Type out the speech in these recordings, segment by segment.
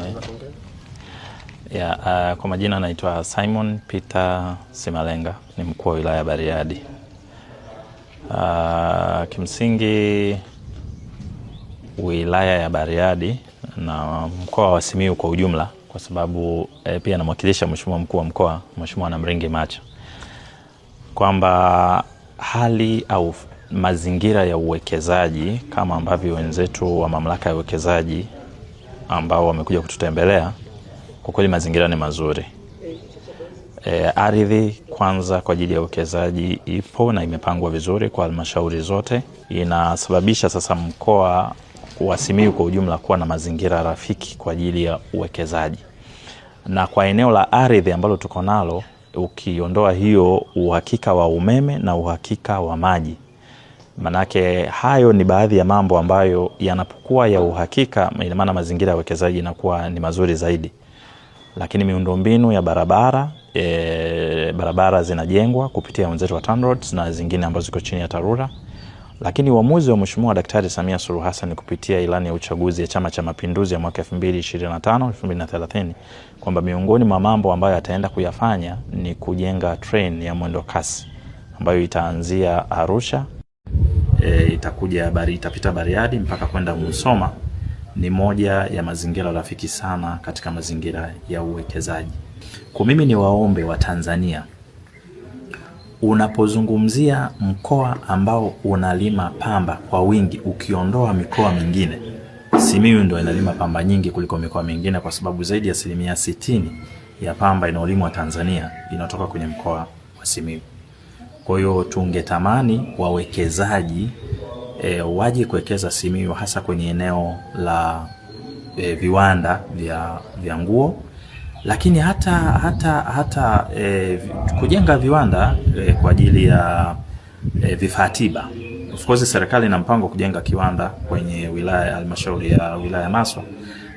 Okay. Yeah, uh, kwa majina anaitwa Simon Peter Simalenga ni mkuu wa wilaya ya Bariadi. Uh, kimsingi wilaya ya Bariadi na mkoa wa Simiyu kwa ujumla kwa sababu eh, pia namwakilisha mheshimiwa mkuu wa mkoa Mheshimiwa Namringi Macha kwamba hali au mazingira ya uwekezaji kama ambavyo wenzetu wa mamlaka ya uwekezaji ambao wamekuja kututembelea, kwa kweli mazingira ni mazuri. E, ardhi kwanza kwa ajili ya uwekezaji ipo na imepangwa vizuri kwa halmashauri zote, inasababisha sasa mkoa wa Simiyu kwa ujumla kuwa na mazingira rafiki kwa ajili ya uwekezaji. Na kwa eneo la ardhi ambalo tuko nalo, ukiondoa hiyo uhakika wa umeme na uhakika wa maji Manake hayo ni baadhi ya mambo ambayo yanapokuwa ya uhakika, ina maana mazingira ya uwekezaji inakuwa ni mazuri zaidi. Lakini miundombinu ya barabara e, barabara zinajengwa kupitia wenzetu wa TANROADS na zingine ambazo ziko chini ya TARURA. Lakini uamuzi wa Mheshimiwa Daktari Samia Suluhu Hassan kupitia ilani ya uchaguzi ya Chama cha Mapinduzi ya mwaka 2025 2030 kwamba miongoni mwa mambo ambayo ataenda kuyafanya ni kujenga train ya mwendo kasi ambayo itaanzia Arusha e, itakuja bari, itapita Bariadi mpaka kwenda Musoma ni moja ya mazingira rafiki sana katika mazingira ya uwekezaji. Kwa mimi ni waombe wa Tanzania, unapozungumzia mkoa ambao unalima pamba kwa wingi, ukiondoa mikoa mingine, Simiyu ndio inalima pamba nyingi kuliko mikoa mingine, kwa sababu zaidi ya asilimia sitini ya pamba inayolimwa Tanzania inatoka kwenye mkoa wa Simiyu. Kwa hiyo tungetamani wawekezaji e, waje kuwekeza Simiyu hasa kwenye eneo la e, viwanda vya, vya nguo lakini hata hata hata e, kujenga viwanda e, kwa ajili ya e, vifaa tiba. Of course serikali ina mpango kujenga kiwanda kwenye wilaya halmashauri ya wilaya Maswa,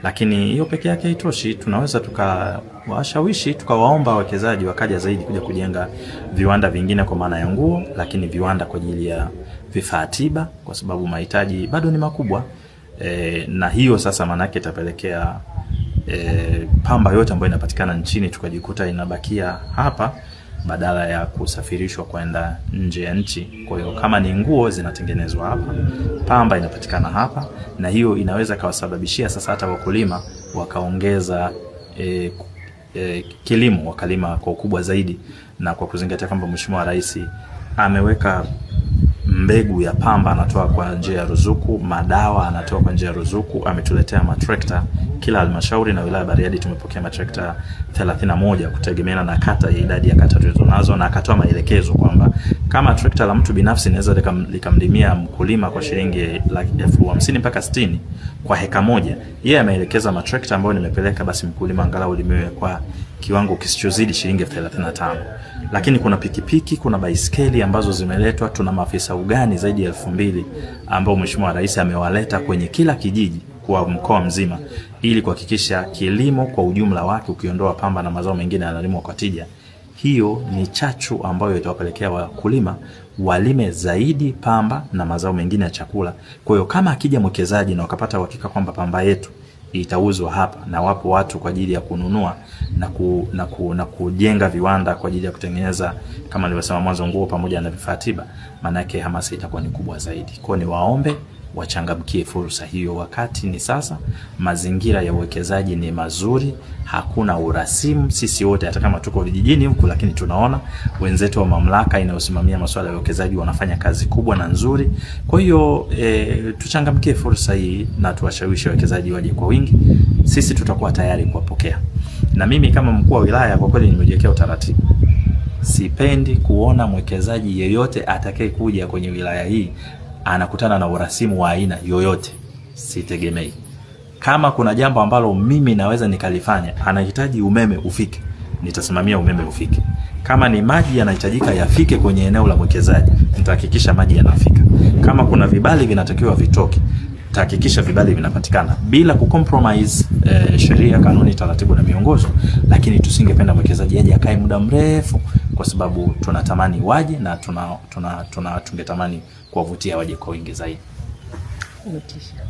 lakini hiyo peke yake haitoshi. Tunaweza tukawashawishi tukawaomba wawekezaji wakaja zaidi kuja kujenga viwanda vingine, kwa maana ya nguo, lakini viwanda kwa ajili ya vifaa tiba, kwa sababu mahitaji bado ni makubwa e, na hiyo sasa yake itapelekea e, pamba yote ambayo inapatikana nchini tukajikuta inabakia hapa badala ya kusafirishwa kwenda nje ya nchi. Kwa hiyo kama ni nguo zinatengenezwa hapa, pamba inapatikana hapa, na hiyo inaweza kawasababishia sasa hata wakulima wakaongeza e, e, kilimo wakalima kwa ukubwa zaidi, na kwa kuzingatia kwamba Mheshimiwa Rais ameweka mbegu ya pamba anatoa kwa njia ya ruzuku, madawa anatoa kwa njia ya ruzuku, ametuletea matrekta kila halmashauri na wilaya Bariadi tumepokea matrekta 31 kutegemeana na kata ya idadi ya kata tulizonazo, na akatoa maelekezo kwamba kama trekta la mtu binafsi inaweza likamlimia mkulima kwa shilingi elfu hamsini mpaka sitini kwa heka moja. Yeye ameelekeza matrekta ambayo nimepeleka, basi mkulima angalau limiwe kwa kiwango kisichozidi shilingi elfu thelathini na tano. Lakini kuna pikipiki, kuna baiskeli ambazo zimeletwa. Tuna maafisa ugani zaidi ya elfu mbili ambao Mheshimiwa Rais amewaleta kwenye kila kijiji kwa mkoa mzima ili kuhakikisha kilimo kwa ujumla wake, ukiondoa pamba na mazao mengine yanalimwa kwa tija hiyo ni chachu ambayo itawapelekea wakulima walime zaidi pamba na mazao mengine ya chakula. Kwa hiyo kama akija mwekezaji na wakapata uhakika kwamba pamba yetu itauzwa hapa na wapo watu kwa ajili ya kununua na, ku, na, ku, na kujenga viwanda kwa ajili ya kutengeneza kama nilivyosema mwanzo, nguo pamoja na vifaa tiba, maanake hamasa itakuwa ni kubwa zaidi. Kwa ni waombe wachangamkie fursa hiyo. Wakati ni sasa, mazingira ya uwekezaji ni mazuri, hakuna urasimu. Sisi wote hata kama tuko vijijini huku, lakini tunaona wenzetu wa mamlaka inayosimamia masuala ya uwekezaji wanafanya kazi kubwa na nzuri. Kwa hiyo e, tuchangamkie fursa hii na tuwashawishi wawekezaji waje kwa wingi. Sisi tutakuwa tayari kuwapokea, na mimi kama mkuu wa wilaya kwa kweli nimejiwekea utaratibu sipendi kuona mwekezaji yeyote atakayekuja kwenye wilaya hii anakutana na urasimu wa aina yoyote, sitegemei. Kama kuna jambo ambalo mimi naweza nikalifanya, anahitaji umeme ufike, nitasimamia umeme ufike. Kama ni maji yanahitajika yafike kwenye eneo la mwekezaji, nitahakikisha maji yanafika. Kama kuna vibali vinatakiwa vitoke tahakikisha vibali vinapatikana bila kucompromise eh, sheria, kanuni, taratibu na miongozo. Lakini tusingependa mwekezaji aje akae muda mrefu, kwa sababu tunatamani waje na tuna, tuna, tuna tungetamani kuwavutia waje kwa wingi zaidi. Motisha.